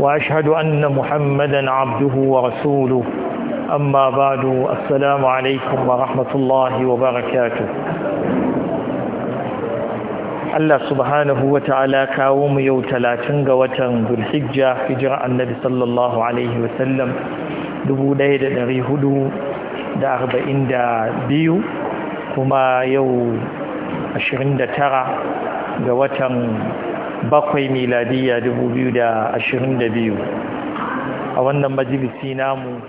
وأشهد أن محمدا عبده ورسوله أما بعد السلام عليكم ورحمة الله وبركاته Allah subhanahu wa ta'ala kawo mu yau talatin ga watan Zulhijja hijira annabi sallallahu Alaihi wasallam 1442 kuma yau 29 ga watan bakwai miladiyya biyu. a wannan majalisi namu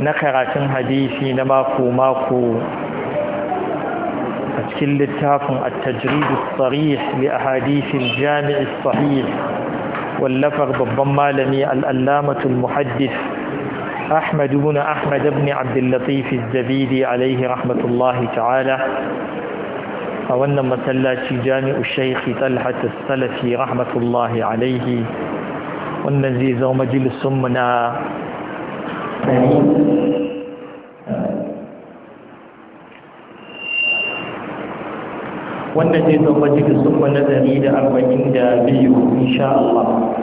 na karatun hadisi na mako-mako a cikin littafin a tajridu tsarih li a hadisin jami'i sahih wallafar babban malami al'allamatul muhaddis أحمد بن أحمد بن عبد اللطيف الزبيدي عليه رحمة a wannan masallaci jami'u shaikhi talhat salafi rahmatullahi alaihi wannan zai zama majalisunmu na wannan zai zama majalisunmu na dari da arba'in da biyu insha Allah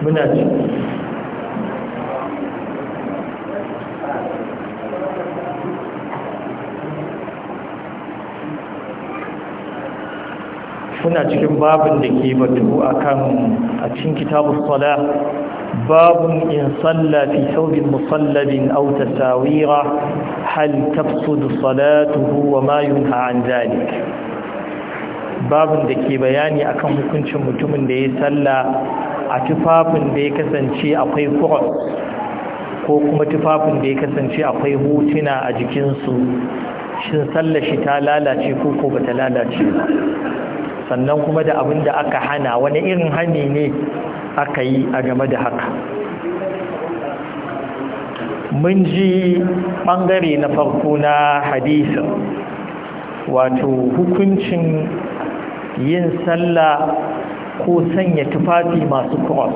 muna ciki muna cikin babin da ke batu kan a cikin kitabun sala babun in tsallafi fi thawbin musallabin auta tasawira hal tafsudu salatuhu wa mayun yunha an zalik babun da ke bayani a kan hukuncin mutumin da ya salla a tufafin da ya kasance akwai kuros ko kuma tufafin da ya kasance akwai hutuna a jikinsu shin shi ta lalace ko ko ta lalace ba sannan kuma da abin da aka hana wani irin hani ne aka yi a game da haka mun ji ɓangare na farko na hadisi wato hukuncin yin sallah ko sanya tufafi masu cross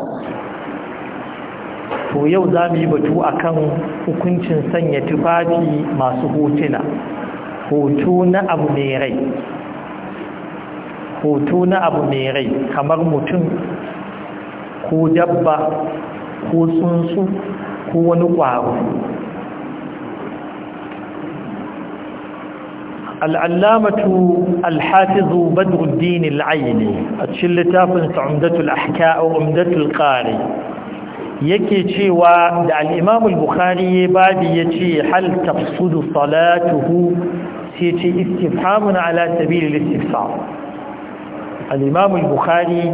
to yau za mu yi batu akan hukuncin sanya tufafi masu hotuna hoto na abu mai rai hoto na abu mai rai kamar mutum ko dabba ko tsuntsu ko wani ƙwaro al'allamatu alhafizu badruddin al'ayini a cikin littafin sa'umdatul ƙari yake cewa da al'imamul bukari ya babi ya ce hal tafsudu salatuhu sai ce istifhamun ala sabilil istifsar al'imamu bukhari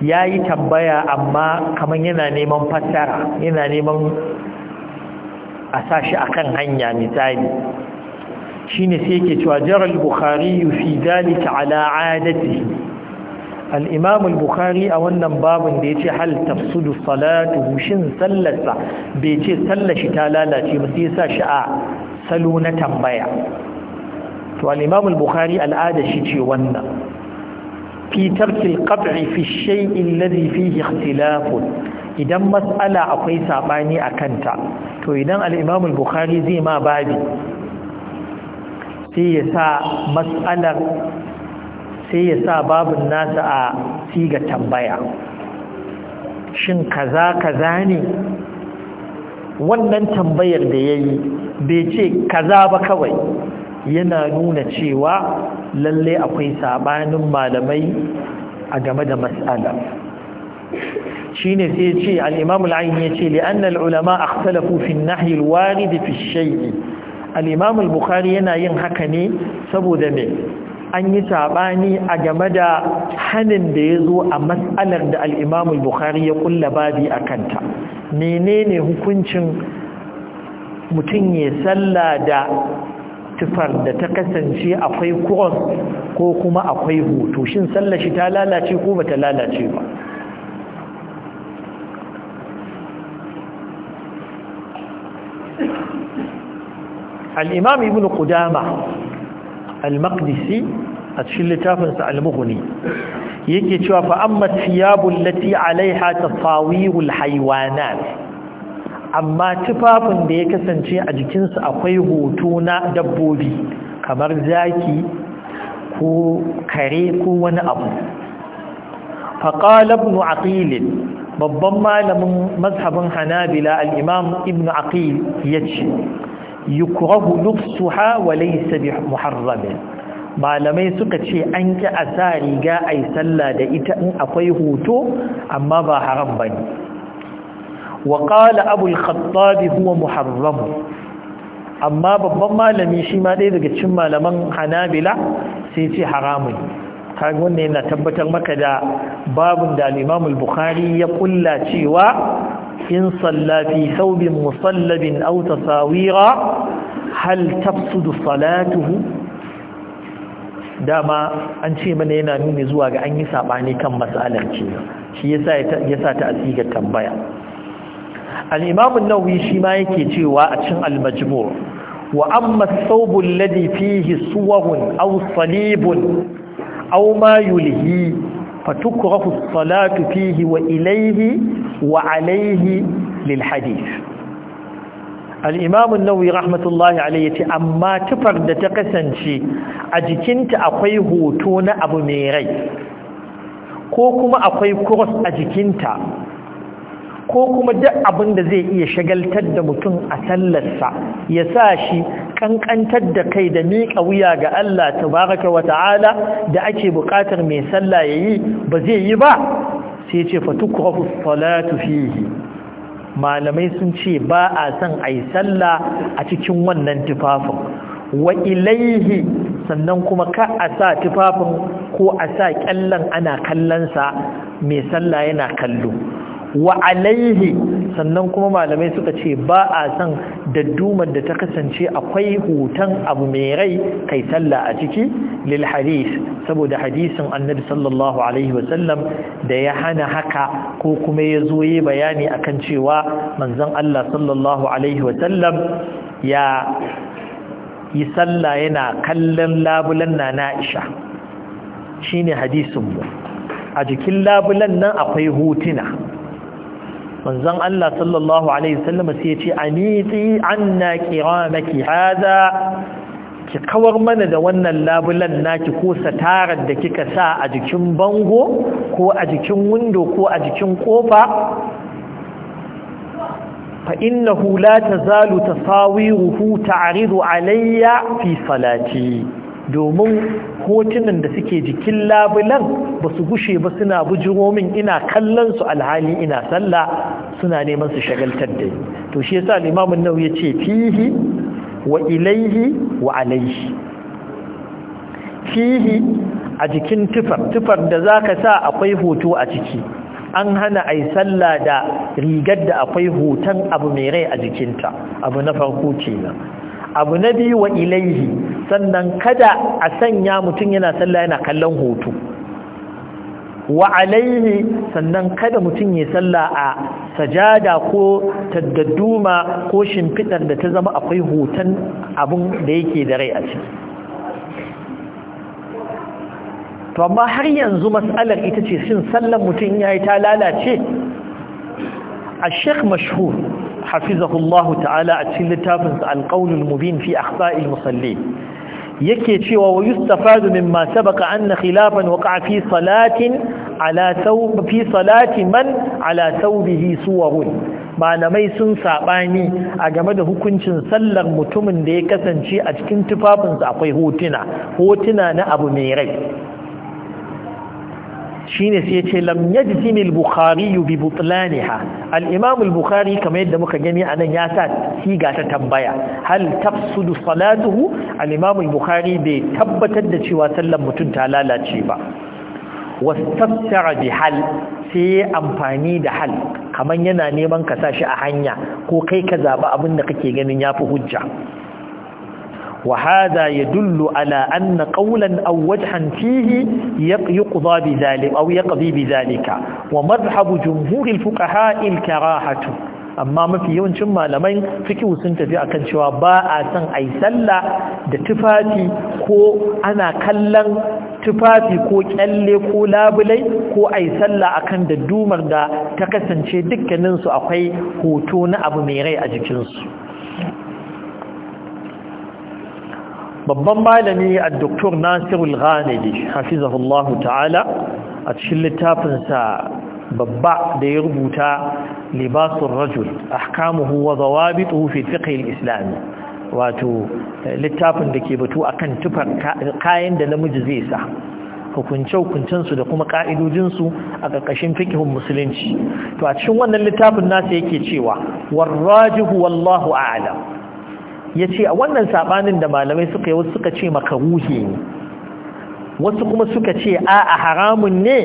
ya yi tambaya amma kamar yana neman fassara yana neman a sashi a kan hanya misali shi ne sai ke cewa jirar bukhari fi dalika ala adati al'imamu bukhari a wannan babin da ya ce hal tafsudu salatu shin sallarsa bai ce sallashi ta lalace ba sai sa a salo na tambaya to al'imamu bukhari al'ada shi ce wannan fi tarkil qat'i fi shay'i alladhi fihi idan mas'ala akwai sabani akanta to idan al-Imam al-Bukhari zai ma babi sai ya sa mas'alar sai ya sa babun nasa a siga tambaya shin kaza kaza ne wannan tambayar da yayi bai ce kaza ba kawai yana nuna cewa lalle akwai sabanin malamai a game da mas'ala shine sai ce al-imam al-aini yace li anna al-ulama ikhtalafu fi an-nahy al-warid fi ash-shay' bukhari yana yin haka ne saboda me an yi sabani a game da hanin da ya zo a mas'alar da al-imam bukhari ya kulla babi akanta menene hukuncin mutum ya salla da tufar da ta kasance akwai cross ko kuma akwai hoto shin sallar shi ta lalace ko bata lalace ba al-imam ibn qudama al-maqdisi a cikin littafin sa al-mughni yake cewa fa amma thiyabul lati alaiha al haywanat amma tufafin da ya kasance a jikinsu akwai hoto na dabbobi kamar zaki ko kare ko wani abu faƙalab ibn aqilin babban malamin mazhabin hanabila al'imam ibn aqil ya ce yukurahu lufsuha wa laysa bi muharramin malamai suka ce an ki a sa riga ai sallah da ita in akwai hoto amma ba haram bane وقال ابو الخطاب هو محرم اما babban malami shi ma ɗaya daga cikin malaman hanabila sai ce haramun kaga wannan yana tabbatar maka da babun da al-Imam al-Bukhari ya kulla cewa in salla fi thawbin musallabin aw tasawira hal tafsudu salatuhu dama an ce mana yana nuni zuwa ga an yi sabani kan mas'alar ce shi yasa sa ta asigar tambaya Al'imamin nauyi shima shi ma yake cewa a cin al wa amma ath-thawb fihi suwarun aw salibun au ma yulhi fatukrahu salatu fihi wa ilayhi wa alaihi lil Al'imamin nauyi rahmatullahi alayhi amma tufar da ta kasance a jikinta akwai hoto na abu mai rai ko kuma akwai kuros a jikinta ko kuma duk abin da zai iya shagaltar da mutum a sallarsa ya sa shi kankantar da kai da miƙa wuya ga Allah tabaraka wa ta'ala da ake buƙatar mai sallah yayi ba zai yi ba sai ce fatukrahu salatu fihi malamai sun ce ba a son ayi sallah a cikin wannan tufafin wa ilaihi sannan kuma ka a sa tufafin ko a sa kyallan ana kallonsa mai sallah yana kallo wa alaihi sannan kuma malamai suka ce ba a san daddumar da ta kasance akwai hutan abu mai rai kai sallah a ciki lil hadis saboda hadisin annabi sallallahu alaihi wasallam da ya hana haka ko kuma ya zo yi bayani akan cewa manzon Allah sallallahu alaihi wasallam ya yi sallah yana kallon labulan na na'isha shine hadisin mu a jikin labulan nan akwai hutuna manzon Allah sallallahu alaihi wasallam sai ya ce aniti anna kiramaki hada ki kawar mana da wannan labulan naki ko satarar da kika sa a jikin bango ko a jikin window ko a jikin kofa fa innahu la tazalu tasawiruhu ta'ridu alayya fi salati domin hotunan da suke jikin labulan ba su gushe ba suna bujiro min ina kallon su alhali ina sallah suna neman su shagaltar da yi. to shi yasa limamin nau ya ce fihi wa ilaihi wa alaihi fihi a jikin tufar tufar da zaka sa akwai hoto a ciki an hana a yi sallah da rigar da akwai hoton abu mai rai a jikinta abu na farko kenan abu na biyu wa ilaihi sannan kada a sanya mutum yana sallah yana kallon hoto wa alaihi sannan kada mutum ya sallah a sajada ko taddaduma ko shimfidar da ta zama akwai hoton abun da yake da rai a ciki to amma har yanzu mas'alar ita ce shin sallar mutum yayi ta lalace a sheikh mashhur hafizahullahu ta'ala a cikin littafinsa alƙaunin mubin fi akhsa'il musalli yake cewa wa yustafadu mimma sabaqa anna khilafan waqa'a fi salatin ala thawb fi salati man ala thawbihi suwarun malamai sun sabani a game da hukuncin sallar mutumin da ya kasance a cikin tufafinsa akwai hotuna hotuna na abu mai rai shine sai yace lam yajzim al-bukhari bi butlaniha al-imam al-bukhari kamar yadda muka gani anan ya sa siga ta tambaya hal tafsudu salatuhu al-imam al-bukhari bai tabbatar da cewa sallar mutum ta lalace ba wastafsara bi hal sai amfani da hal kamar yana neman ka sashi a hanya ko kai ka zaba abin da kake ganin ya fi hujja وهذا يدل على أن قولا أو وجها فيه يقضى بذلك أو يقضي بذلك ومذهب جمهور الفقهاء الكراهة amma mafi yawancin malamai fikihu sun tafi akan cewa ba a san ai sallah da tufafi ko ana kallon tufafi ko kyalle ko labulai ko ai sallah akan da dumar da ta kasance dukkaninsu akwai hoto na abu mai rai a jikinsu babban malami a doktor nasirul ghanidi hafizahullahu ta'ala a cikin littafinsa babba da ya rubuta libasun rajul ahkamuhu wa zawabituhu fi fiqh islami wato littafin da ke batu akan tufar kayan da namiji zai sa hukunce-hukuncensu da kuma ƙa'idojinsu a ƙarƙashin fiƙihun musulunci to a cikin wannan littafin nasa yake cewa warrajihu wallahu a'lam ya ce a wannan saɓanin da malamai suka yi wasu suka ce makaruhi ne wasu kuma suka ce a a haramun ne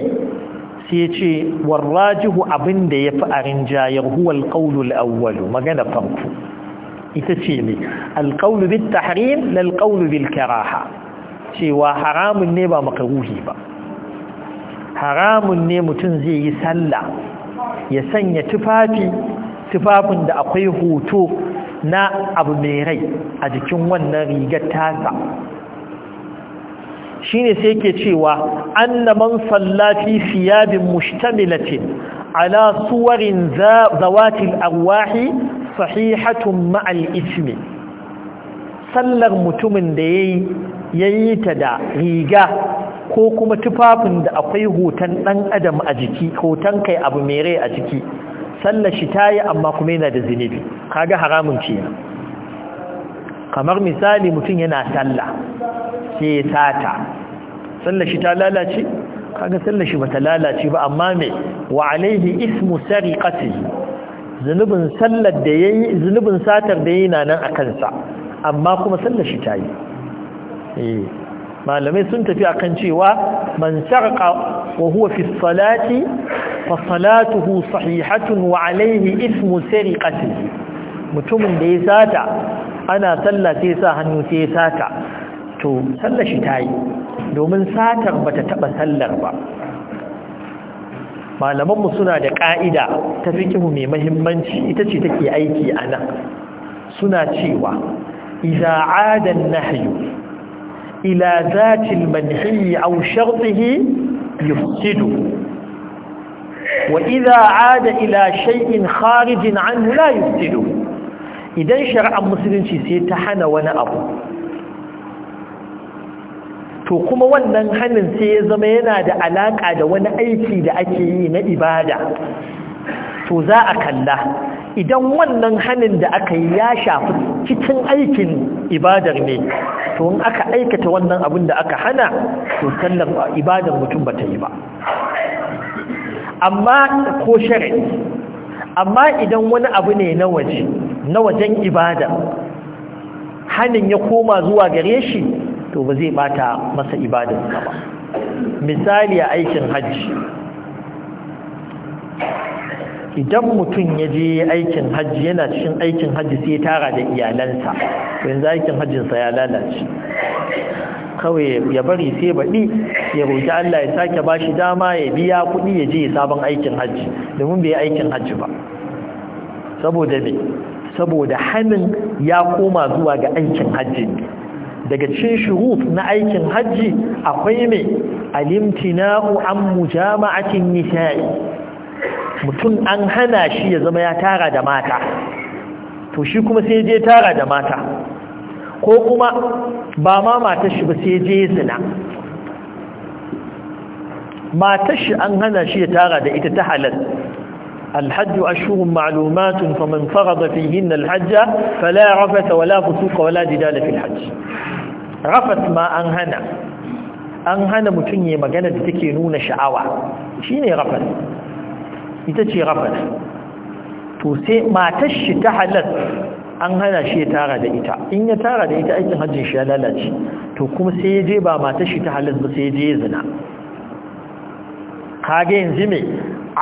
sai ya ce warrajihu abin da ya fi a rinjayar huwal alƙaunul awwalu magana farko ita ce ne alƙaunu bil tahrim na ƙaunu bil karaha cewa haramun ne ba makaruhi ba haramun ne mutum zai yi sallah ya sanya tufafi tufafin da akwai hoto na abu mai rai a jikin wannan rigar tasa Shi ne sai ke cewa anna man sallafi siyabin mushtamilatin ala suwarin zawatin arwahi sahihatun ma'al ismi sallar mutumin da ya yi ta da riga ko kuma tufafin da akwai hoton ɗan adam a jiki hoton kai abu mere a jiki sallar shi ta yi amma kuma yana da zunubi kaga haramun ce kamar misali mutum yana sallah sai ya sata sallar shi ta lalace kaga sallar shi bata lalace ba amma mai wa alaihi ismu sariqati zinubin sallar da yayi zunubin satar da yayi nan akan sa amma kuma sallar shi ta yi eh malamai sun tafi akan cewa man sarqa wa huwa fi fa salatuhu sahihatun wa alayhi ismu sariqatihi mutumin da ya sata ana sallah sai sa hannu sai sata to sallar shi tayi domin satar bata taba sallar ba malamanmu suna da ƙa'ida ta fikihu mai mahimmanci ita ce take aiki a nan suna cewa iza nahyu إلى ذات المنحي أو شرطه يفسده وإذا عاد إلى شيء خارج عنه لا يفسده إذا شرع المسلم سيتحن وانا أبو kuma wannan hannun sai ya zama yana da alaka da wani aiki da ake yi na ibada to za a kalla idan wannan hannun da aka yi ya shafi cikin aikin ibadar ne to in aka aikata wannan abin da aka hana to sallar ibadar mutum ba ta yi ba amma ko shari'i amma idan wani abu ne na waje na wajen ibada hannun ya koma zuwa gare shi to ba zai bata masa ibadar ba misali a aikin hajji idan mutum ya je aikin hajji yana cikin aikin hajji sai ya tara da iyalansa yanzu aikin hajjinsa ya lalace kawai ya bari sai baɗi ya roƙi Allah ya sake ba shi dama ya biya kuɗi ya je sabon aikin hajji domin bai aikin hajji ba saboda me saboda hannun ya koma zuwa ga aikin hajji daga cikin shuruf na aikin hajji akwai mai alimtina'u an mujama'atin nisa'i mutum an hana shi ya zama ya tara da mata to shi kuma sai je tara da mata ko kuma ba ma matar shi ba sai je zina matar shi an hana shi ya tara da ita ta halal الحج أشهر معلومات فمن فرض فيهن الحج فلا رفث ولا فسوق ولا جدال في الحج رفث ما أنهنى أنهنى متنية مجانا تكينون شعوى شيني رفث ita ce rafada to sai matar shi ta halar an hana shi ya tara da ita in ya tara da ita aikin hajjin shi ya lalace to kuma sai ya je ba matar shi ta halar ba sai ya je zina kage yanzu me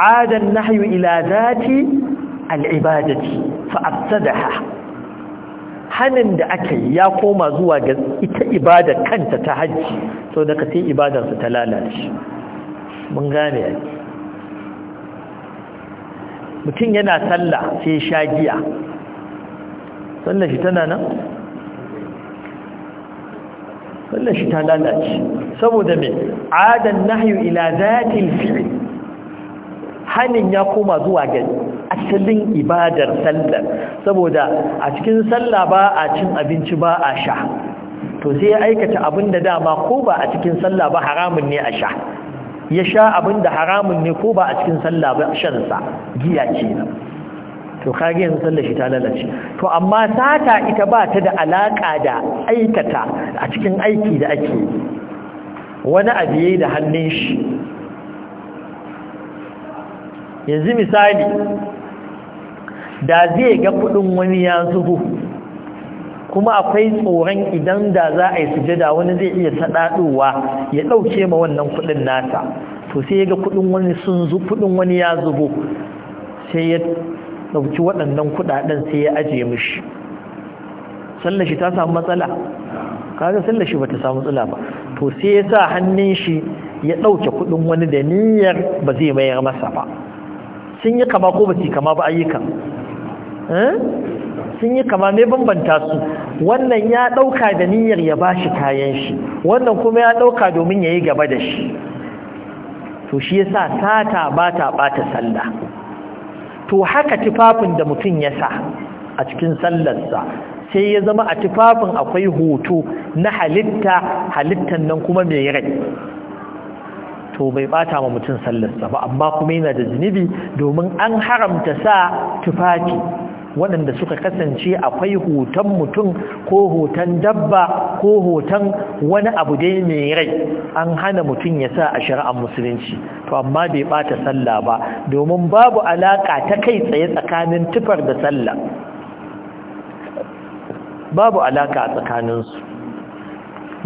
adan nahyu ila zati al'ibadati fa'afsadaha hanin da aka yi ya koma zuwa ga ita ibada kanta ta hajji sau da sai ibadarsa ta lalace mun gane yake mutum yana sallah sai sha giya sallah shi tana nan sallah shi ta lalace saboda me adan nahyu ila zatil fi'l hanin ya koma zuwa ga asalin ibadar sallar saboda a cikin sallah ba a cin abinci ba a sha to sai ya aikata abin da dama ko ba a cikin sallah ba haramun ne a sha ya sha abin da haramun ne ko ba a cikin sallah ba shansa giya ce to kage yanzu sallar shi ta lalace to amma sata ita ba ta da alaka da aikata a cikin aiki da ake wani yayi da hannun shi yanzu misali da zai ga kudin wani ya zuhu kuma akwai tsoron idan da za a yi sujada wani zai iya saɗaɗowa ya ɗauke ma wannan kuɗin nasa to sai ya ga kuɗin wani sun zu kuɗin wani ya zubo sai ya ɗauki waɗannan kuɗaɗen sai ya ajiye mishi sallashi ta samu matsala kaga sallashi ba bata samu matsala ba to sai ya sa hannun shi ya ɗauke kuɗin wani da niyyar ba zai mayar masa ba sun yi kama ko ba su kama ba ayyukan eh? sun yi kama mai bambanta su wannan ya ɗauka da niyyar ya ba shi kayan shi wannan kuma ya ɗauka domin ya yi gaba da shi to shi yasa sata ba ta ɓata sallah to haka tufafin da mutum ya sa a cikin sallarsa sai ya zama a tufafin akwai hoto na halitta halittan nan kuma mai rai to bai bata ma mutum sallarsa ba amma kuma yana da zunubi domin an haramta sa tufafi waɗanda suka kasance akwai hoton mutum ko hoton dabba ko hoton wani abu dai mai rai an hana mutum ya sa a shari'ar musulunci to amma bai bata sallah ba domin babu alaƙa ta kai tsaye tsakanin tufar da sallah babu alaƙa a tsakaninsu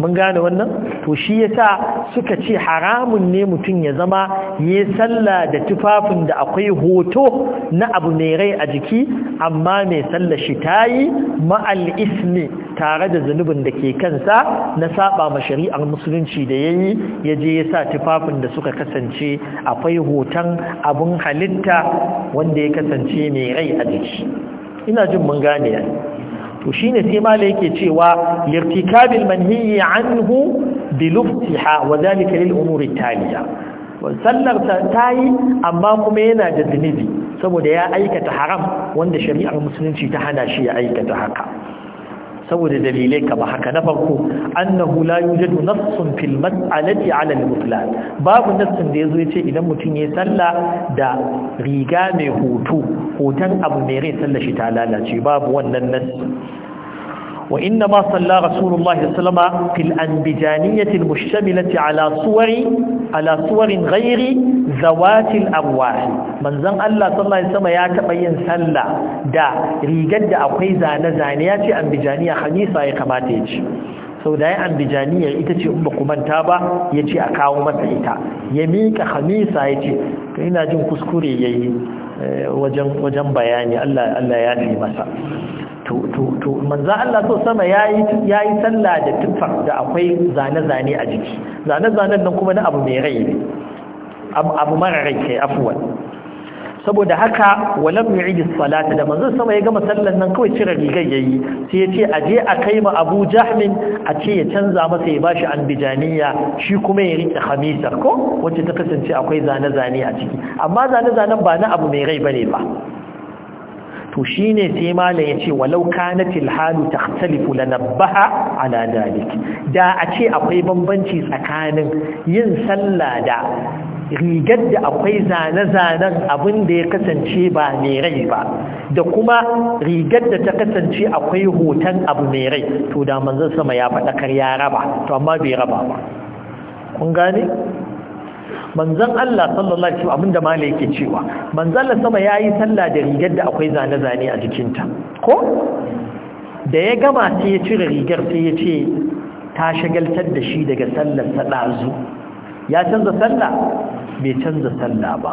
mun gane wannan to shi yasa suka ce haramun ne mutum ya zama ya sallah da tufafin da akwai hoto na abu mai rai a jiki amma mai salla shi tayi ma'al ismi tare da zunubin da ke kansa na saba ma shari'ar musulunci da yayi ya je ya sa tufafin da suka kasance akwai hoton abun halitta wanda ya kasance mai rai a jiki ina jin mun gane to shine sai mala yake cewa lirtikabil manhiyi anhu biluftiha wa lil umuri taliya sallar ta tayi amma kuma yana da zunubi saboda ya aikata haram wanda shari'ar musulunci ta hana shi ya aikata haka saboda dalilai kamar haka na farko annahu la yujadu nassun fil mas'alati 'ala al-mutlaq babu nassin da yazo yace idan mutum yayi sallah da riga mai hoto hoton abu mai rai sallashi ta lalace babu wannan nassi وإنما صلى رسول الله صلى الله عليه وسلم في الأنبجانية المشتملة على صور على صور غير ذوات الأرواح من زن الله صلى الله عليه وسلم يتبين صلى دا ريجد أقيزة نزانيات أنبجانية خميسة كما تيجي sau da ya ambijaniya ita ce ba ku manta ba ya ce a kawo masa ita ya miƙa hamisa ya ce ina jin kuskure ya yi eh, wajen bayani Allah ya fi masa to manza Allah so sama ya yi sallah da tufa da akwai zane-zane a jiki zane-zanen nan kuma na abu mai rai abu mara rai kai afuwan saboda haka walam yu'idi salata da manzon sama ya gama sallan nan kawai cire rigar yayi sai ya ce aje a kai ma Abu Jahmin a ce ya canza masa ya bashi anbijaniya shi kuma ya rike khamisa ko wacce ta kasance akwai zane zane a ciki amma zane zanen ba na abu mai rai bane ba to shine sai malam ya ce walau kanatil halu takhtalifu lanabbaha ala dalik da a ce akwai bambanci tsakanin yin sallah da rigar da akwai zane-zanen abin da ya kasance ba mai rai ba da kuma rigar da ta kasance akwai hoton abu mai rai to da manzan sama ya faɗakar ya raba to amma bai raba ba kun gane manzan Allah sallallahu alaihi abinda mala yake cewa manzan Allah sama ya yi sallah da rigar da akwai zane-zane a jikinta ko da ya gama sai ya cire rigar sai ya ce ta shagaltar da shi daga sallar saɗazu. ya canza sallah bai canza sallah ba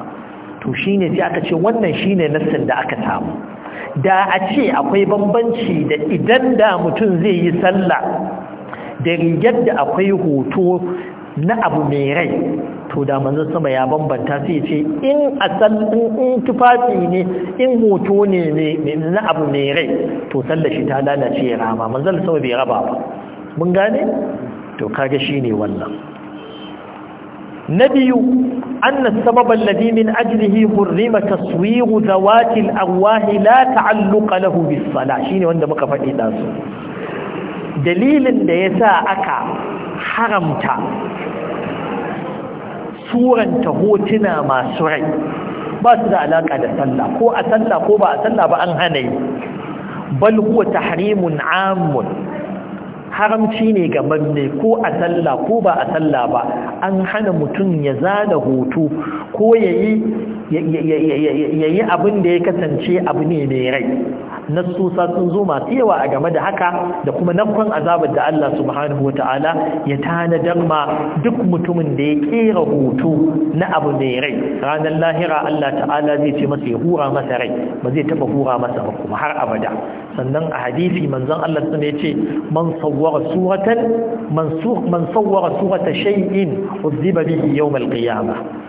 to shine sai aka ce wannan shine nassin da aka samu da a ce akwai bambanci da idan da mutum zai yi sallah da rigar da akwai hoto na abu mai rai to da manzon sama ya bambanta sai ya ce in sallin in tufafi ne in hoto ne na abu mai rai to sallah shi ta lalace ya rama manzon sama bai raba ba mun gane to kage shine wannan na biyu anna sababa alladhi min hurrima taswiru zawati al-arwahi la ta'alluqa lahu bis salah shine wanda muka faɗi dasu dalilin da yasa aka haramta suranta hotuna masu rai ba su da alaka da sallah ko a sallah ko ba a sallah ba an hana yi bal huwa tahrimun amun haramci ne ga manne ko a sallah ko ba a sallah ba an hana mutum ya zana hoto ko yayi yi abin da ya kasance abu ne mai rai Na nasusa sun zo masu yawa a game da haka da kuma nafkon azabar da Allah subhanahu wa ta'ala ya tanadar ma duk mutumin da ya kera hoto na abu mai rai ranar lahira Allah ta'ala zai ce masa ya hura masa rai ba zai taba hura masa ba kuma har abada sannan a hadisi manzon Allah sun ya ce man sawwara suratan man sawwara surata shay'in uzziba bihi yawm al-qiyamah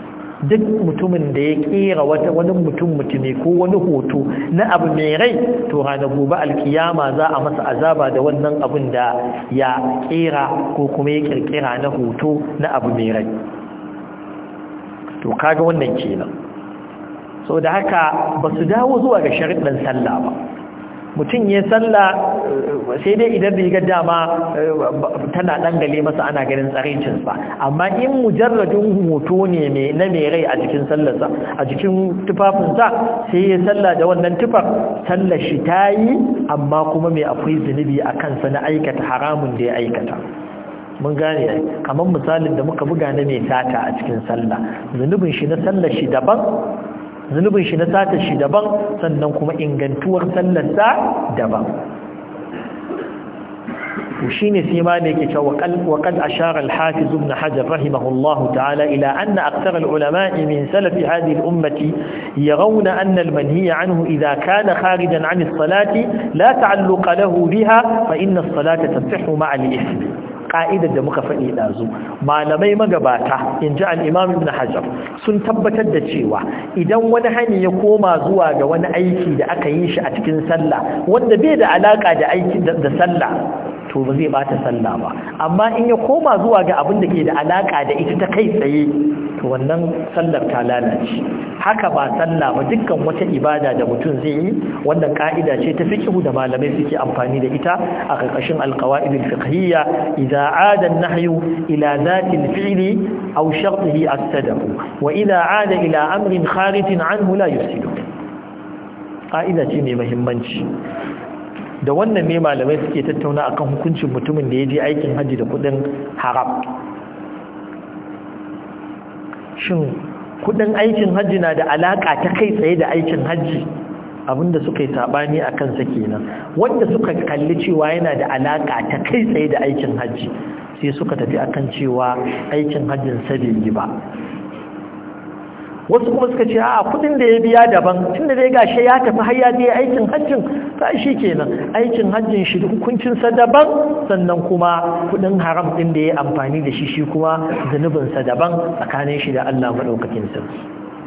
duk mutumin da ya kera wata wani mutum mutumi ko wani hoto na abu mai rai to ranar gobe alkiyama za a masa azaba da wannan abin da ya kera ko kuma ya kirkira na hoto na abu mai rai to kaga wannan kenan so da haka ba su dawo zuwa ga shari'ar sallah ba mutum ya salla sai dai idan rigar dama tana dangale masa ana ganin tsarincinsa amma in mujarradin hoto ne na mai rai a jikin sallarsa a jikin tufafinsa sai ya salla da wannan tufar sallar shi ta yi amma kuma mai akwai zunubi a kansa na aikata haramun da ya aikata mun gane kamar misalin da muka buga na mai sata a cikin sallah zunubin shi na sallar shi daban zunubin shi na sata shi daban sannan kuma ingantuwar sallarsa daban وشين سيما لك وقد أشار الحافظ ابن حجر رحمه الله تعالى إلى أن أكثر العلماء من سلف هذه الأمة يرون أن المنهي عنه إذا كان خارجا عن الصلاة لا تعلق له بها فإن الصلاة تصح مع الإثم ka'idar da muka faɗi ɗazu malamai magabata in ji al'imam ibn hajar sun tabbatar da cewa idan wani hani ya koma zuwa ga wani aiki da aka yi shi a cikin sallah wanda bai da alaƙa da aiki da sallah to ba zai bata sallah ba amma in ya koma zuwa ga abin da ke da alaka da ita ta kai tsaye to wannan sallar ta lalace haka ba sallah ba dukkan wata ibada da mutum zai yi wannan ka'ida ce ta fiqhu da malamai suke amfani da ita a karkashin alqawaid alfiqhiyya idza aada an-nahyu ila zati al-fi'li aw shartihi afsadahu wa idza aada ila amrin kharijin anhu la yusidu ka'ida ce mai muhimmanci da wannan ne malamai suke tattauna akan hukuncin mutumin da ya je aikin haji da kudin haram shin kudin aikin hajji na da alaka ta kai tsaye da aikin hajji abinda suka yi sabani a kansa kenan wanda suka kalli cewa yana da alaka ta kai tsaye da aikin hajji sai suka tafi akan cewa aikin hajjin sabin bai wasu kuma suka ce a kudin da ya biya daban tun da zai gashe ya tafi har ya je aikin hajjin ta shi kenan aikin hajjin shi hukuncinsa daban sannan kuma kudin haram din da ya amfani da shi shi kuma zunubinsa daban tsakanin shi da Allah madaukakin sarki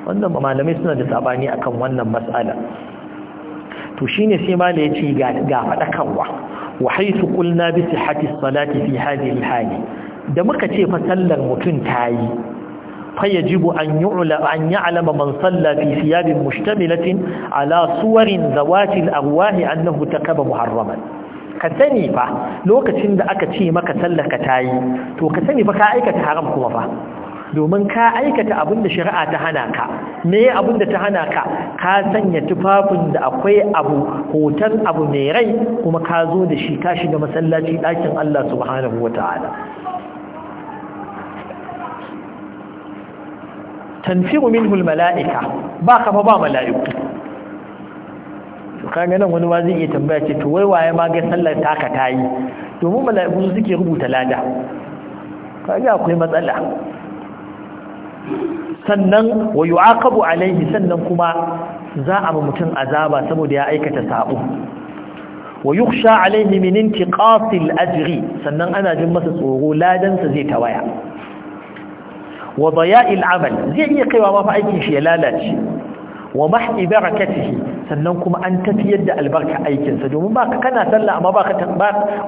wannan malamai suna da sabani akan wannan matsala. to shine sai ma ya ce ga ga fadakarwa wa haythu qulna bi sihhati salati fi hadhihi hali da muka ce fa sallar mutun tayi فيجب أن أن يعلم من صلى في ثياب مشتملة على صور ذوات الأرواح أنه ارتكب محرما ka sani fa lokacin da aka ce maka sallaka tayi to ka sani fa ka aikata haram kuma fa domin ka aikata abin shari'a ta hana ka me abunda ta hana ka ka sanya tufafin da akwai abu hoton abu mai rai kuma ka zo da shi ka shiga masallaci ɗakin Allah subhanahu wataala tanfiru minhu almala'ika ba kafa ba mala'iku to kaga nan wani ma zai iya tambaya ce to wai waye ma ga sallar taka tayi domin mala'iku su suke rubuta lada kaga akwai matsala sannan wa yu'aqabu alaihi sannan kuma za a mutum azaba saboda ya aikata sabo wa yukhsha alaihi min intiqasil ajri sannan ana jin masa tsoro ladan sa zai tawaya wa daya'il amal zai iya kaiwa ma fa aikin shi ya lalace wa mahdi barakatihi sannan kuma an tafiyar da albarka aikin sa domin baka kana sallah amma baka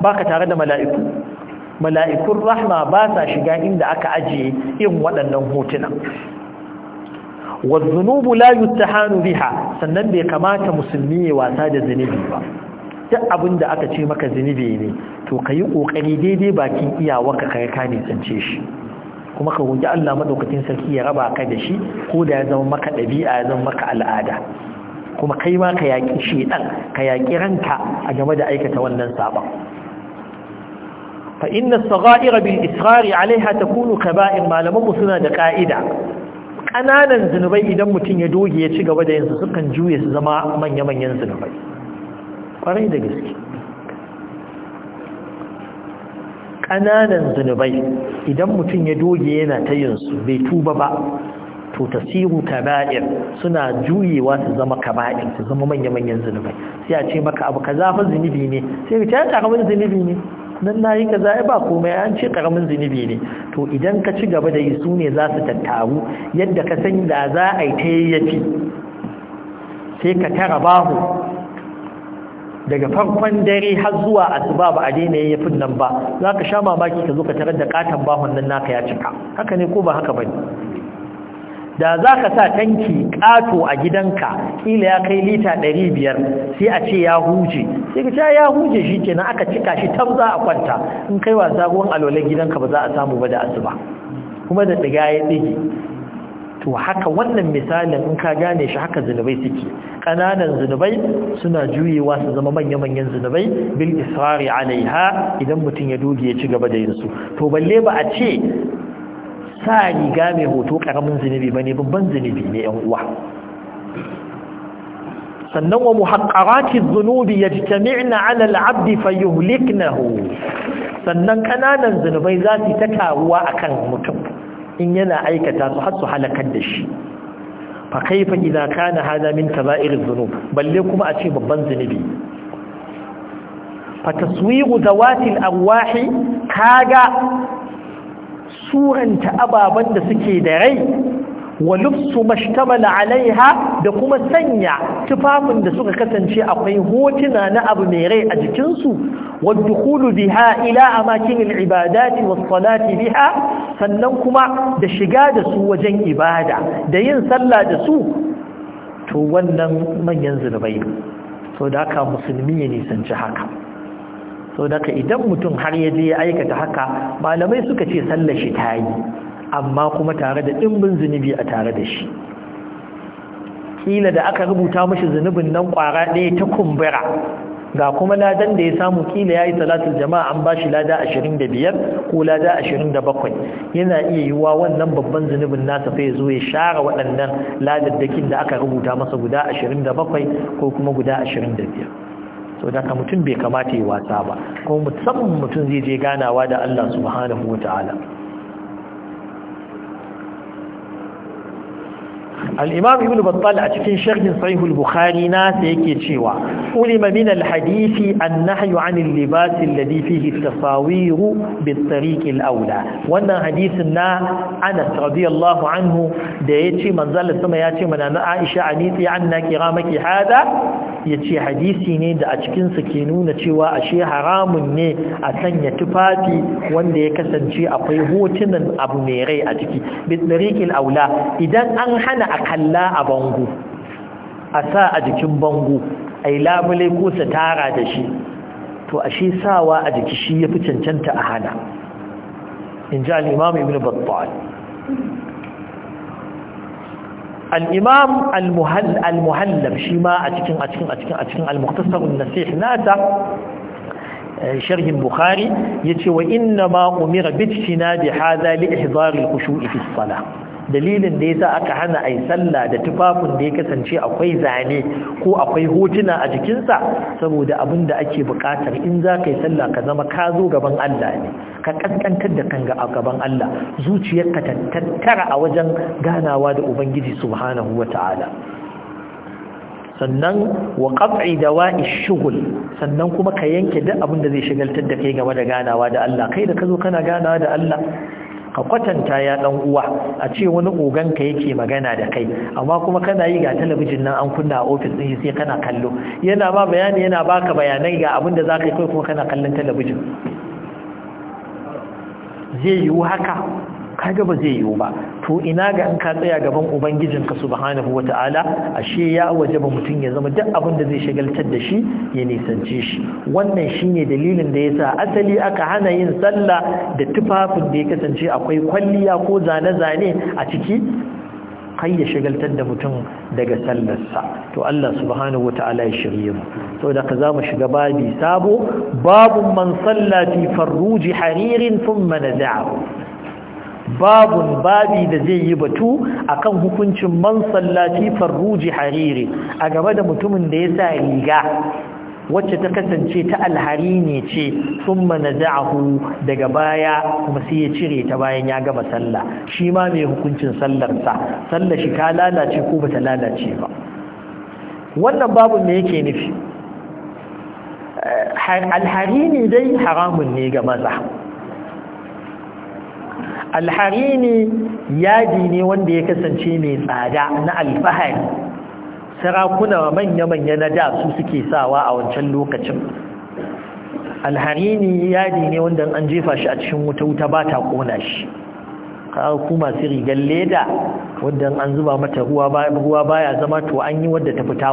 baka tare da mala'iku mala'ikun rahma ba sa shiga inda aka ajiye yin waɗannan hotuna wa dhunubu la yuttahanu biha sannan bai kamata musulmi ya wasa da zunubi ba duk abin da aka ce maka zunubi ne to kayi kokari daidai bakin iyawarka kai ka nisance shi kuma ka roki Allah madaukakin sarki ya raba ka da shi ko da ya zama maka ɗabi'a ya zama maka al'ada kuma kai ma ka yaƙi shedan ka yaƙi ranka a game da aikata wannan sabon fa inna as-sagha'ira bil kunu 'alayha takunu kaba'ir malamanmu suna da ƙa'ida. ƙananan zunubai idan mutum ya doge ya ci gaba da yin su sukan juye su zama manya-manyan zunubai kwarai da gaske ƙananan zunubai idan mutum ya doge yana ta yin su bai tuba ba to tasiru kaba'ir suna juyewa su zama kaba'ir su zama manya-manyan zunubai sai a ce maka abu kaza fa zunubi ne sai ka ta karamin zunubi ne nan nayi kaza ai ba komai an ce karamin zunubi ne to idan ka ci gaba da yi su ne za su tattaru yadda ka san da za a yi ta yayyafi sai ka tara babu daga farkon dare har zuwa asuba ba a daina yafin nan ba zaka sha mamaki ka zo ka tarar da katon bahon nan naka ya cika haka ne ko ba haka bane da zaka sa tanki ƙato a gidanka kila ya kai lita ɗari biyar sai a ce ya huje sai ka ya huje shi kenan aka cika shi tab za a kwanta in kai wasa ruwan alolan gidanka ba za a samu ba da asuba kuma da tsiga ya tsige to haka wannan misalin in ka gane shi haka zunubai suke kananan zunubai suna juyewa su zama manyan manyan zunubai bil israri alaiha idan mutum ya doge ya ci gaba da yinsu to balle ba a ce sa riga mai hoto ƙaramin zunubi ba ne babban zunubi ne yan uwa sannan wa muhaqqarati dhunubi yajtami'na 'ala al-'abdi fayuhliknahu sannan kananan zunubai za su ta taruwa akan mutum in yana aikata su har su halakar da shi fa kaifa idza kana hada min irin zunub balle kuma a ce babban zunubi fa taswiru zawatil arwahi kaga suranta ababan da suke da rai wa lubsu mashtamala alaiha da kuma sanya tufafin da suka kasance akwai hotuna na abu mai rai a jikinsu wa dukhulu biha ila amakin al-ibadati wasu salati biha sannan kuma da shiga da su wajen ibada da yin sallah da su to wannan manyan zunubai so da haka musulmi ya nisanci haka so da ka idan mutum har ya je ya aikata haka malamai suka ce sallar shi ta yi amma kuma tare da ɗimbin zunubi a tare da shi kila da aka rubuta mashi zunubin nan ƙwara ɗaya ta kumbura ga kuma ladan da ya samu kila ya yi salatul jama'a an ba shi lada 25 ko lada 27 yana iya yiwuwa wannan babban zunubin nasa sai zo ya share waɗannan ladaddakin da aka rubuta masa guda 27 ko kuma guda 25 so da mutum bai kamata ya wasa ba kuma musamman mutum zai je ganawa da Allah subhanahu wa ta'ala al-imam ibn battal a cikin sharhin sahihul al-bukhari na sai yake cewa ulima min an-nahyu 'an al-libas alladhi fihi at-tasawir wannan hadisin na Anas radiyallahu anhu da yace manzal sama ce mana na Aisha aniti anna maki hada yace hadisi ne da a cikinsa ke nuna cewa ashe haramun ne a sanya tufafi wanda ya kasance akwai hotunan abu mai rai a ciki bit aula idan an hana a kalla a bango a sa a jikin bango a yi labule ko su tara da shi to a shi sawa a jiki shi ya fi cancanta a hana in ji al'imam ibn battal al'imam al-muhallam shi ma a cikin a cikin a cikin a cikin al nata eh, sharhin bukhari ya ce wa inna ma umira bitina bi haza li ihzari al-khushu'i fi dalilin da yasa aka hana ai sallah da tufafin da ya kasance akwai zane ko akwai hotuna a jikinsa saboda abinda ake bukatar in za ka yi sallah ka zama ka zo gaban Allah ne ka kaskantar da kanga a gaban Allah zuciyar ka tattara a wajen ganawa da ubangiji subhanahu wata'ala sannan wa qat'i dawa'i shughul sannan kuma ka yanke duk abin zai shigaltar da kai game da ganawa da Allah kai da kazo kana ganawa da Allah ka kwatanta ya dan uwa a ce wani oganka yake magana da kai amma kuma kana yi ga talabijin nan an kunna a ofis din sai kana kallo yana ba bayani yana baka bayanai ga abin da za yi kai kuma kana kallon talabijin zai yiwu haka kaga ba zai yiwu ba to ina ga in ka tsaya gaban ubangijinka subhanahu wata'ala ashe ya wajaba mutum ya zama duk abin da zai shagaltar da shi ya nisance shi wannan shine dalilin da yasa asali aka hana yin sallah da tufafin da ya kasance akwai kwalliya ko zane-zane a ciki kai ya shagaltar da mutum daga sallarsa to Allah subhanahu wata'ala ya shirye mu saboda ka zamu shiga babi sabo babu man sallati farruji haririn thumma nada'u babun babi da zai yi batu akan hukuncin man sallati farruji hariri a gaba da mutumin da ya sa riga wacce ta kasance ta alhari ne ce sun za'ahu daga baya kuma sai ya cire ta bayan ya gama sallah shi ma mai hukuncin sallarsa sallar shi ta lalace ko ba ta lalace ba wannan babu me yake nufi eh, alhari ne dai haramun ne ga maza alharini yadi ne wanda ya kasance mai tsada na alfahari sarakuna manya-manya na da su suke sawa a wancan lokacin alharini yadi ne wanda an jefa shi a cikin wuta wuta ba ta kona shi kuma masu rigar leda wadda an zuba mata ruwa baya zama to an yi wadda ta fita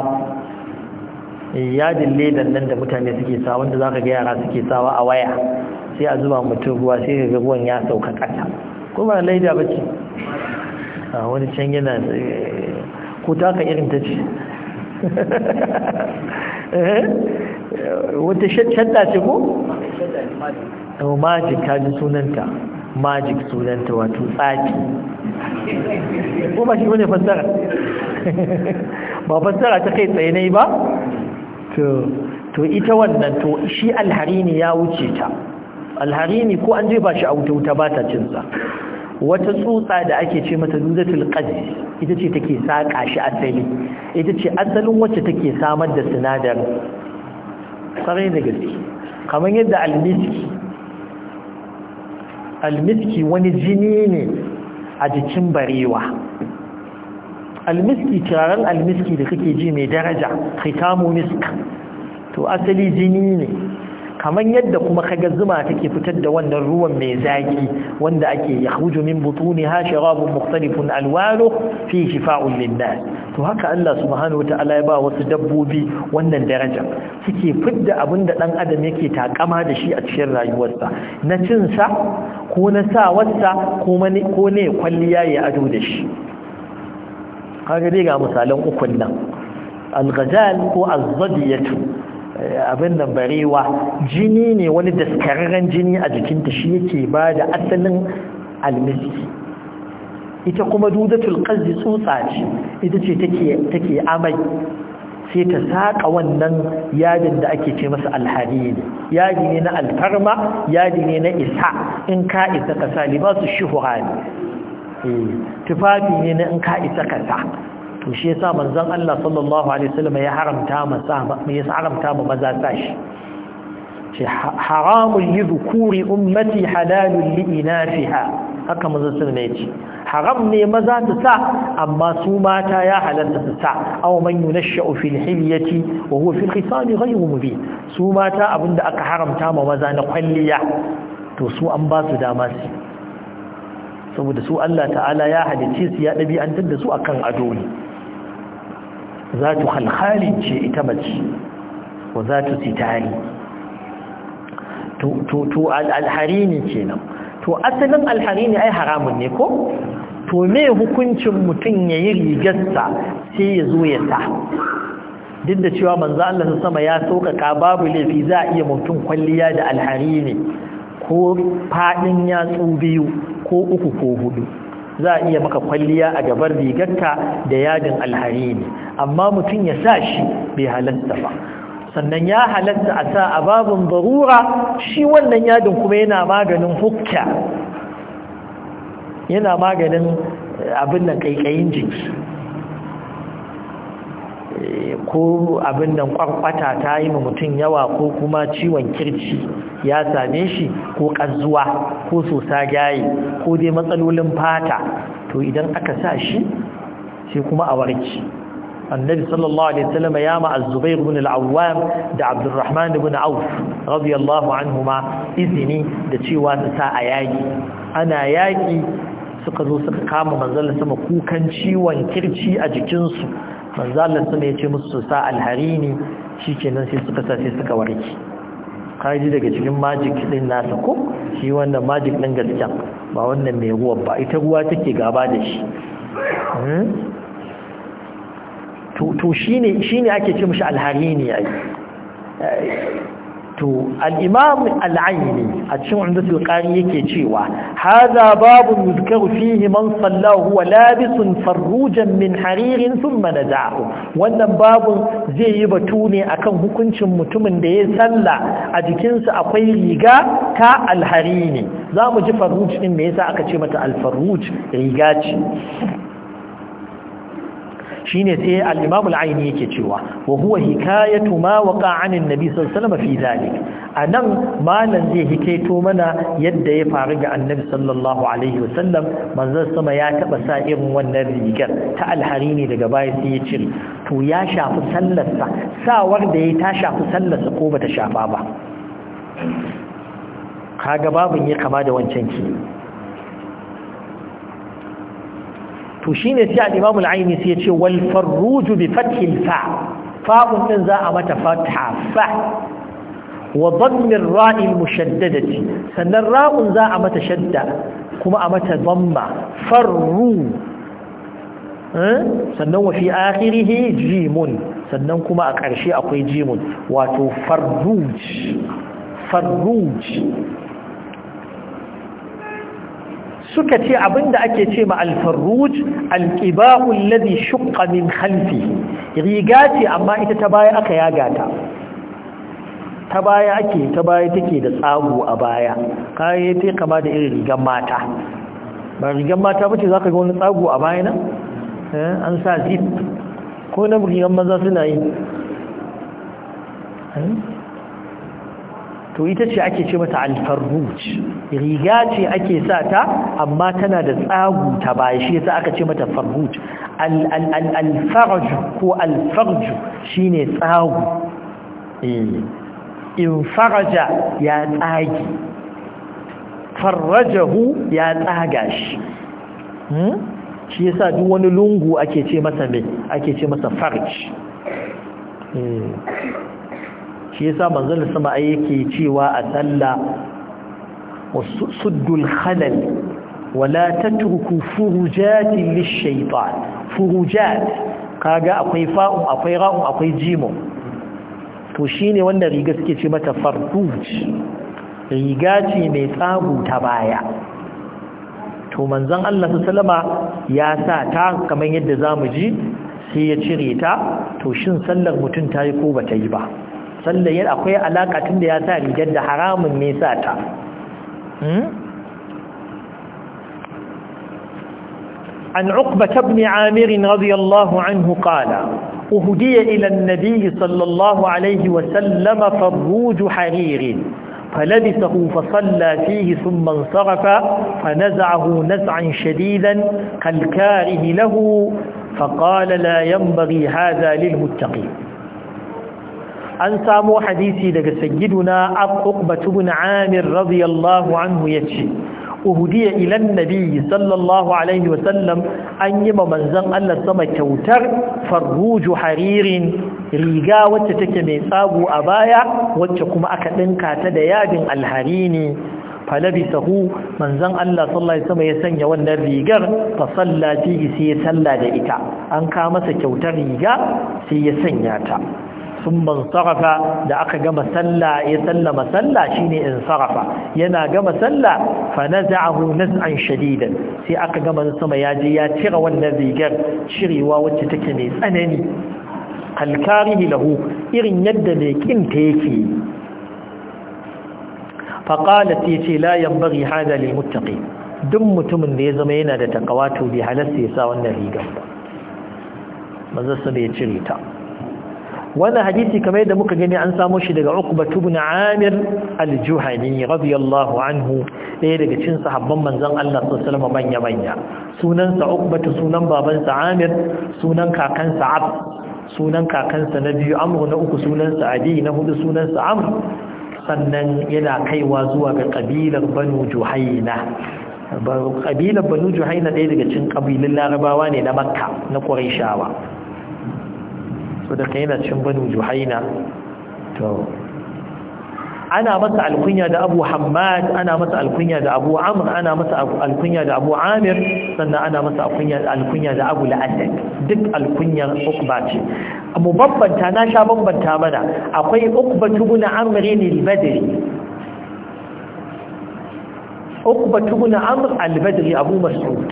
eh, yadin ledan nan da mutane suke sawa wanda za ka ga yara suke sawa a waya sai a zuba mutum ruwa sai ga ruwan ya sauka ƙasa ko ba laida ba ce a wani can yana eh, ko taka irin ta ce eh, wata shadda ce ko? yau oh, magic ta ji sunanta majik sunanta wato tsaki ko ba shi wani fassara ba fassara ta kai tsaye ba to ita wannan to shi alhari ne ya wuce ta alharimi ko an jefa shi a wuta wuta ba ta cinsa wata tsutsa da ake ce mata duzatul qadi ita ce take saka shi asali ita ce asalin wacce take samar da sinadarin sarai da gaske kamar yadda almiski almiski wani jini ne a jikin barewa almiski turaren almiski da kake ji mai daraja khitamu misk to asali jini ne kamar yadda kuma kaga zuma take fitar da wannan ruwan mai zaki wanda ake yahuju min ha sharabun mukhtalifun alwalu fi shifa'un linnas to haka Allah subhanahu wataala ya ba wasu dabbobi wannan daraja suke fidda abinda dan adam yake takama da shi a cikin rayuwarsa na cin sa ko na sa wasa ko ne kwalliya ya ado da shi kaga dai ga misalan ukun nan al-ghazal ko az-zadiyatu abin nan barewa jini ne wani daskararren jini a jikinta shi yake ba da asalin almiski ita kuma dudatul qalbi tsutsa ce ita ce take take amai sai ta saka wannan yadin da ake ce masa alhariri yadi ne na alfarma yadi ne na isa in ka isa ka sa libasu shuhura ne eh, tufafi ne na in ka isa ka to shi yasa manzon Allah sallallahu alaihi wasallam ya haramta masa haramta ma maza sashi ce haramun yi dhukuri ummati halalun li inafiha haka maza sallallahu alaihi haram ne maza su sa amma su mata ya halarta su sa aw man yunashau fil hilyati wa huwa fil khisal ghayru mubin su mata abinda aka haramta ma maza na kwalliya to su an ba su dama su saboda su Allah ta'ala ya halice su ya ɗabi'antar da su akan ado ne za tu halhali ce ita mace ko za tu sitari to alharini kenan to asalin alharini ai haramun ne ko to me hukuncin mutum ya yi rigarsa sai ya zo ya sa duk da cewa manzo Allah sun sama ya sauƙaƙa babu laifi za a iya mutum kwalliya da alharini ko faɗin yatsu biyu ko uku ko hudu za a iya maka kwalliya a gabar rigarka da yadin ne amma mutum ya sa shi bai halatta ba sannan ya halatta a sa a babin barura shi wannan yadin kuma yana maganin hukka yana maganin eh, abin da kaikayin jiki eh, ko abin da kwarkwata ta yi mutum yawa ko kuma ciwon kirci ya same shi ko ƙazuwa ko sosa gaye ko dai matsalolin fata to idan aka sa shi sai kuma a warki annabi sallallahu alaihi wasallam ya ma az zubayr ibn al-awwam da abdurrahman ibn auf radiyallahu anhuma izini da cewa su sa a yaki ana yaki suka zo suka kama manzalin sama kukan ciwon kirci a jikinsu manzalin sama ya ce musu sa al alharini shikenan sai suka sa sai suka warke kaji daga cikin magic din nasa ko shi wannan magic din gaskiya ba wannan mai ruwa ba ita ruwa take gaba da shi hmm? to shine shine ake ce mishi ne eh, ai to al-imam al a cikin umdatul qari yake cewa haza babu yuzkaru fihi man sallahu wa labisun farrujan min haririn thumma nada'u wannan babun zai yi batu ne akan hukuncin mutumin da ya salla a jikinsa akwai riga ta al za mu ji farruj din me yasa aka ce mata al riga ce shine sai al-imam al-aini yake cewa wa huwa hikayatu ma waqa 'an an-nabi sallallahu alaihi wasallam fi malan zai hikaito mana yadda ya faru ga annabi sallallahu alaihi wasallam manzon sama ya taɓa sa irin wannan rigar ta alharini daga baya sai ya ce to ya shafi sallarsa sawar da ya ta shafi sallarsa ko bata shafa ba kaga babin ya kama da wancan ke to sai al-imam aini sai ce wal farruj bi fathi fa fa'un za a mata fata fa wa dhamm ar-ra'i al-mushaddadati sannan ra'un za a mata shadda kuma a mata dhamma farru eh? sannan wa fi akhirih jimun sannan kuma a ƙarshe akwai jimun wato farruj farruj suka ce abinda ake ce ma alfarruj alqiba'u alladhi shuqqa min khalfi riga ce amma ita ta baya aka yaga ta ta baya ake ta baya take da tsago a baya kai ta kama da irin rigan mata ba rigan mata bace zaka ga wani tsago a baya nan eh, an sa zip ko na rigan maza suna yi eh? to ita ce ake ce mata alfarruj riga ce ake sa ta amma tana da tsagu ta baya shi yasa aka ce mata farruj alfarruj ko alfarruj shine tsagu eh. in faraja ya tsagi farrajahu ya tsaga shi hmm? shi yasa duk wani lungu ake ce masa mai ake ce masa farj eh. shi yasa manzon sama ai yake cewa a salla wasuddul khalal wala tatruku furujatin lishaytan furujat kaga akwai fa'un akwai ra'un akwai jimo to shine wanda riga suke ce mata farduj riga ce mai tsagu ta baya to manzon Allah sallama ya sa ta kamar yadda zamu ji sai ya cire ta to shin sallar mutum tayi ko bata yi ba sallar akwai alaƙa tun da ya sa rigar da haramun ne sa ta عن عقبة بن عامر رضي الله عنه قال أهدي إلى النبي صلى الله عليه وسلم فروج حرير فلبسه فصلى فيه ثم انصرف فنزعه نزعا شديدا كالكاره له فقال لا ينبغي هذا للمتقين an samo hadisi daga sayyiduna uqbatu ibn amir radiyallahu anhu yace uhudiya ila annabi sallallahu alaihi wa sallam an yi ma manzon Allah sama kyautar farruju haririn riga wacce take mai tsago a baya wacce kuma aka dinka ta da yadin alharini sahu manzan Allah sallallahu alaihi wasallam ya sanya wannan rigar fa sallati sai ya salla da ita an ka masa kyautar riga sai ya sanya ta sun sarafa da aka gama sallah ya sallama sallah shine in sarafa yana gama sallah fa naza'ahu naz'an shadidan sai aka gama sama ya je ya cire wannan rigar cirewa wacce take mai tsanani kalkarihi lahu irin yadda mai ta yake فقالت يتي لا ينبغي هذا للمتقين دم mutumin da ya zama yana da takawa to bi ya sa wannan rigar ba manzo sai ya cire ta wannan hadisi kamar yadda muka gani an samo shi daga Uqba ibn Amir al-Juhani radiyallahu anhu daya daga cikin sahabban manzon Allah sallallahu alaihi wasallam manya manya sunansa Uqba sunan babansa Amir sunan kakansa Ab sunan kakansa na biyu Amr na uku sunansa Adi na hudu sunansa Amr sannan yana kaiwa zuwa ga kabilar Banu Juhayna kabilar Banu Juhayna daya daga cikin kabilun Larabawa ne na Makka na Qurayshawa so yana cin banu juhaina to ana masa alkunya da abu hamad ana masa alkunya da abu amr ana masa alkunya da abu amir sannan ana masa alkunya da abu la'adad duk alkunyar ukba ce na sha bambanta mana akwai ukba tubuna amrin al-badri amr al-badri abu mas'ud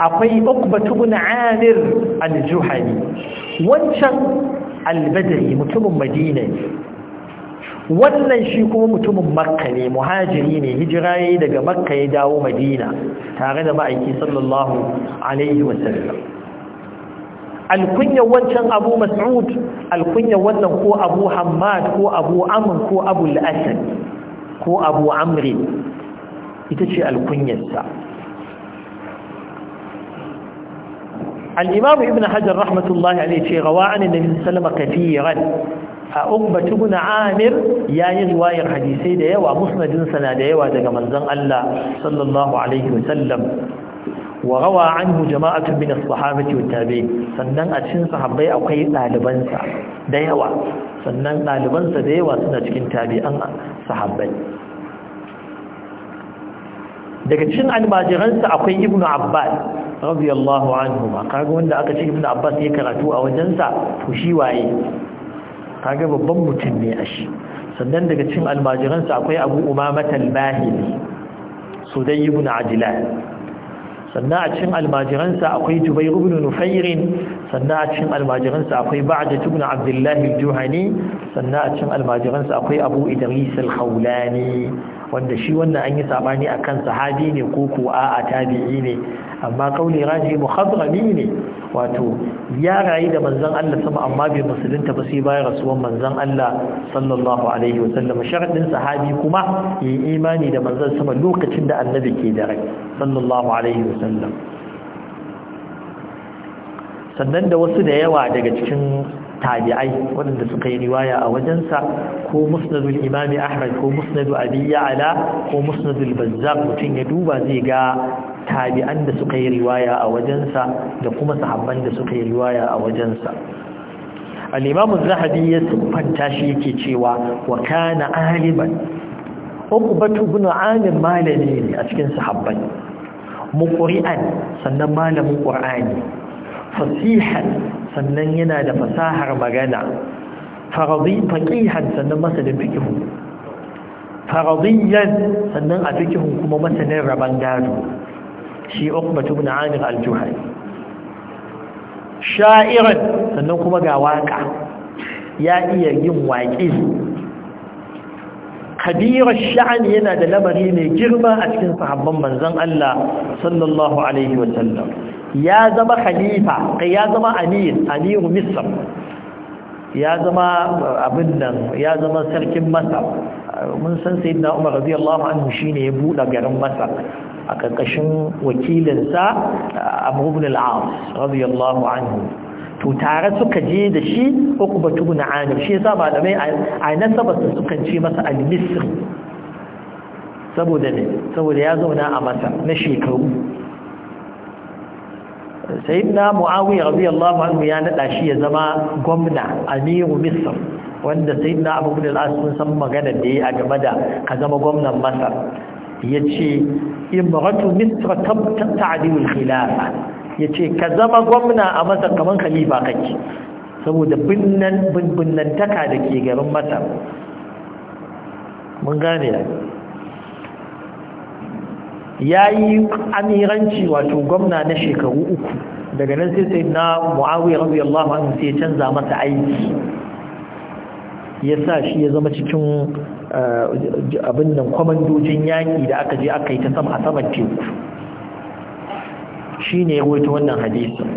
akwai ukbatu bin amir al-juhani wancan al-badri mutumin madina wannan shi kuma mutumin makka ne muhajiri ne hijira yayi daga makka ya dawo madina tare da ma'aiki sallallahu alaihi wasallam alkunyar wancan abu mas'ud alkunyar wannan ko abu hammad ko abu amr ko abu al ko abu amri ita ce alkunyarsa al’imam ibn hajjar rahmatullahi a ce gawa an inda musulma kafi yawan a ugbatu guna amir yayin wayar hadisai da yawa musnadinsa na da daga manzan Allah sallallahu alaihi wasallam wa gawa an hu jama'atun bin sahabati wutabe sannan a cin sahabbai akwai ɗalibansa da yawa sannan ɗalibansa da suna cikin tabi'an sahabbai daga cin almajiransa akwai ibnu abbas radiyallahu anhuma kaga wanda aka ce ibnu abbas ya karatu a wajensa to shi waye kaga babban mutum ne ashi sannan daga cikin almajiransa akwai abu umamata al-bahili sudai ibn ajlan sannan a cikin almajiransa akwai jubair ibn nufayr sannan a cikin almajiransa akwai ba'da ibn abdullah al-juhani sannan a cikin almajiransa akwai abu idris al-khawlani wanda shi wannan an yi sabani akan sahabi ne ko ko a'a tabi'i ne amma kauli raji muhadrami ne wato ya rayu da manzon Allah sama amma bai musulunta ba sai bayan rasuwan manzon Allah sallallahu alaihi wa sallam sharadin sahabi kuma yi imani da manzon sama lokacin da annabi ke da rai sallallahu alaihi wa sallam sannan da wasu da yawa daga cikin tabi'ai waɗanda suka yi riwaya a wajensa ko musnadul imami ahmad ko musnadu abi ya'ala ko musnadul bazzar mutum ya duba zai ga tabi'an da suka yi riwaya a wajensa da kuma sahabban da suka yi riwaya a wajensa al-imam az-zahabi ya siffanta shi yake cewa wa kana aliman uqbatu ibn amir malami ne a cikin sahabbai muqri'an sannan malamin qur'ani fasihan sannan yana da fasahar magana faradi faqihan sannan masanin fiqh faradiyyan sannan a fiqh kuma masanin rabon gado shi uqbatu ibn amir al-juhani sha'iran sannan kuma ga waka ya iya yin waƙi kabirar sha'an yana da lamari mai girma a cikin sahabban manzon Allah sallallahu alaihi wa sallam ya zama khalifa kai ya zama amir amiru misr ya zama abin nan ya zama sarkin masar mun san sayyidina umar radiyallahu anhu shine ya buɗe garin masar a ƙarƙashin wakilinsa abu ibn al’as radiyallahu anhu to tare suka je da shi uqbatu ibn anu shi yasa malamai a nasabarsa sukan ce masa al-misri saboda ne saboda ya zauna a masa na shekaru na muawiya radiyallahu anhu ya naɗa shi ya zama gwamna amiru misir wanda sai na abubuwan al'asun sun san magana da ya game da ka zama gwamnan masar yace imratu misra tabta'dilu al-khilafa yace ka zama gwamna a masar kaman khalifa kake saboda binnan binnan taka dake garin masar mun gane Ya yayi amiranci wato gwamna na shekaru uku daga nan sai sayyidina muawiya radiyallahu anhu sai ya canza masa aiki ya sa shi ya zama cikin Eh, abin nan kwamandojin yaƙi da aka je aka yi ta sama a saman teku shi ne ruwaito wannan hadisun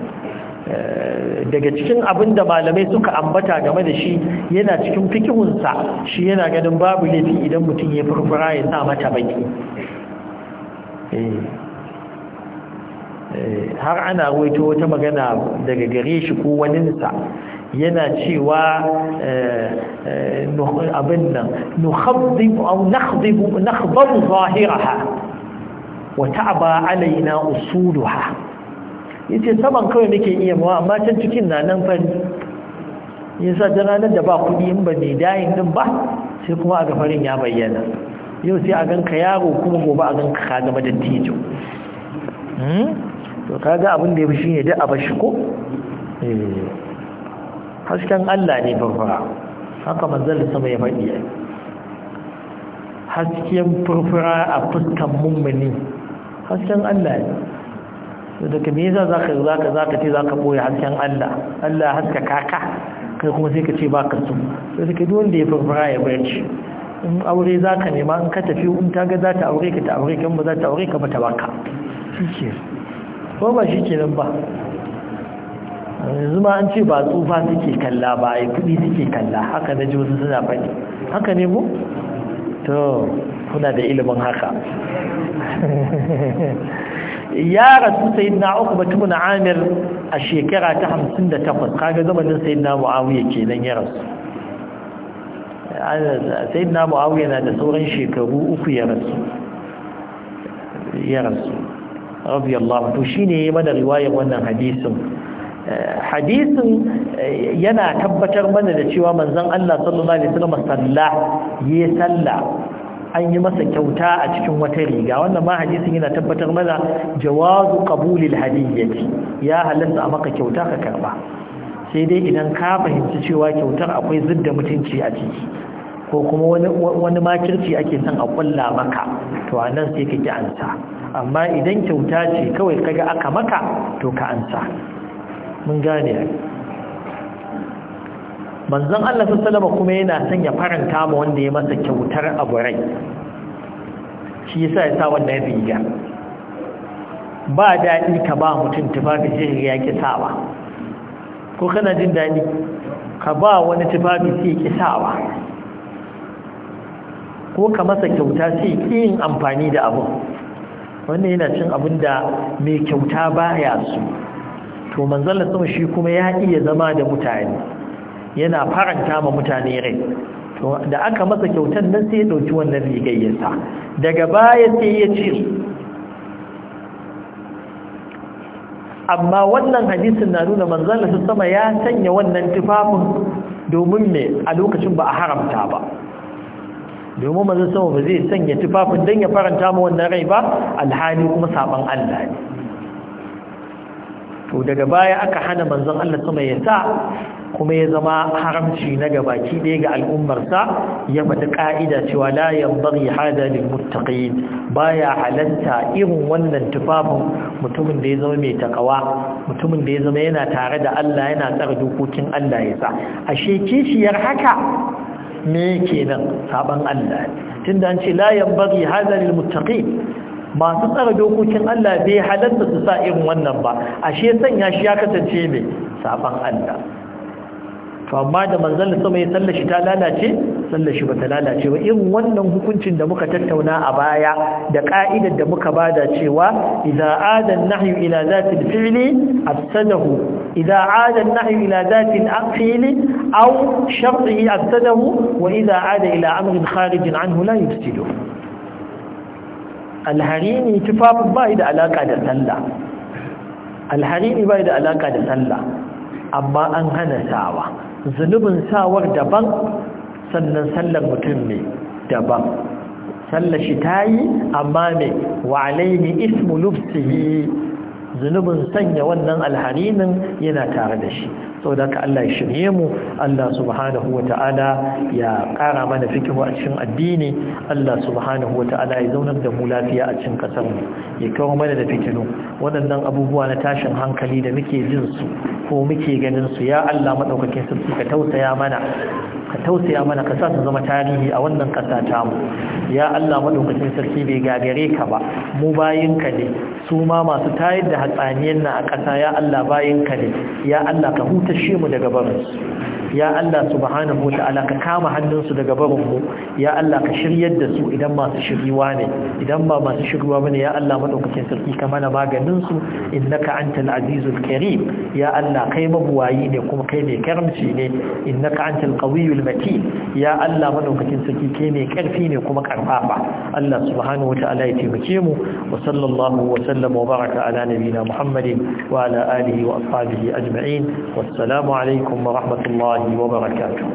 eh, daga cikin abin da malamai suka ambata game da shi yana cikin fikihunsa shi yana ganin babu laifi idan mutum ya furfura ya sa mata baki eh, har ana ruwaito wata magana daga gare shi ko waninsa yana cewa eh, eh, abin nan nakhdabu zahiraha wa ta'aba alaina usuluha yace saban kawai nake iya mawa amma can cikin na nan fari yasa ta ranar da ba kudi in ba ne dayin din ba sai kuma a gafarin ya bayyana yau sai a ganka yaro kuma gobe a ganka ka gama da tijo hmm? to kaga abin da ya fi shine duk a bashi ko eh. hasken Allah ne furfura haka manzal sama ya faɗi hasken furfura a fuskan mummuni hasken Allah ne da kuma za zaka za ka ce ka boye hasken Allah Allah haska kaka kai kuma sai ka ce baka so sai ka duk wanda ya furfura ya barci in aure za ka nema in ka tafi in ta ga za ta aure ka ta aure kan ba za ta aure ka ba ta baka shi ke ko ba shi nan ba yanzu ma an ce ba tsufa suke kalla ba a yi kudi suke kalla haka na ji wasu suna faɗi haka ne mu to kuna da ilimin haka ya rasu sai na uku batu na amir a shekara ta hamsin da takwas kaga zamanin sai na ke kenan ya rasu sai na mu'awiyya na da sauran shekaru uku ya rasu ya rasu rabiyallahu to shine ya mana riwayar wannan hadisun hadisin eh, yana tabbatar mana da cewa manzon Allah sallallahu alaihi wasallam salla ya salla an yi masa kyauta a cikin wata riga wannan ma hadisin yana tabbatar mana jawazu qabulil hadiyyati ya halatta a maka kyauta ka karba sai dai idan ka fahimci cewa kyautar akwai zidda mutunci a ciki ko kuma wani ma kirci ake son a kulla maka to a sai ka ansa amma idan kyauta ce kawai kaga aka maka to ka ansa mun gane manzon Allah sallallahu kuma yana son ya faranta ma wanda ya masa kyautar aburai shi yasa ya sa wannan riga ba daɗi ka ba mutum tufafi sai ya ki sawa ko kana jin daɗi ka ba wani tufafi sai ki sawa ko ka masa kyauta sai ki yin amfani da abu wannan yana cin abin da mai kyauta baya su to manzon Allah shi kuma ya iya zama da mutane yana faranta ma mutane rai to da aka masa kyautar nan sai ya dauki wannan rigayyarsa daga baya sai ya ce. amma wannan hadisin na nuna manzon Allah sama ya sanya wannan tufafin domin me a lokacin ba a haramta ba domin manzon sama ba zai sanya tufafin dan ya faranta ma wannan rai ba alhali kuma saban Allah ne to daga baya aka hana manzon Allah sama ya sa kuma ya zama haramci na gabaki ɗaya ga al'ummarsa ya faɗi ƙa'ida cewa la yanbaghi hada lil muttaqin baya halanta irin wannan tufafin mutumin da ya zama mai takawa mutumin da ya zama yana tare da Allah yana tsara dokokin Allah ya sa ashe kishiyar haka me kenan saban Allah tunda an ce la yanbaghi hada lil muttaqin masu tsara dokokin Allah bai halatta su sa irin wannan ba ashe sanya shi ya kasance mai Safan Allah to amma da manzon sama ya sallashi ta lalace sallashi bata lalace ba irin wannan hukuncin da muka tattauna a baya da ka'idar da muka bada cewa idza ada an-nahyu ila zati al-fi'li afsadahu idza ada an-nahyu ila zati al-fi'li aw shartihi afsadahu wa idza ada ila amrin kharijin anhu la yufsiduhu alharini tufafin bai da alaka da sallah alharini ba da alaka da sallah amma an hana sawa zunubin sawar daban sannan sallar mutum ne daban sallar shi ta yi amma ne wa alaihi ismu lufsihi zunubin sanya wannan alharinin yana tare da shi saboda ka Allah ya shirye mu Allah subhanahu wata'ala ya kara mana fikihu a cikin addini Allah subhanahu wata'ala ya zaunar da mu lafiya a cikin kasar mu ya kawo mana da fitinu wadannan abubuwa na tashin hankali da muke jin su ko muke ganin su ya Allah madaukakin sarki ka tausaya mana ka tausaya mana ka sa su zama tarihi a wannan kasa ta mu ya Allah madaukakin sarki bai gagare ka ba mu ka ne su ma masu tayar da hatsaniyar na a kasa ya Allah bayin ka ne ya Allah ka huta tashe mu daga barinsu ya Allah subhanahu wa ta'ala ka kama hannunsu daga barin ya Allah ka shiryar da su idan masu shiriwa ne idan ba masu shiriwa bane ya Allah madaukakin sarki ka mana maganin su innaka antal azizul karim ya Allah kai mabuwayi ne kuma kai mai karamci ne innaka antal qawiyul matin ya Allah madaukakin sarki kai mai karfi ne kuma karfafa Allah subhanahu wa ta'ala ya taimake mu wa sallallahu wa sallama wa baraka ala nabiyina muhammadin wa ala alihi wa ashabihi ajma'in wassalamu alaikum wa rahmatullahi wajibi wa barakatuh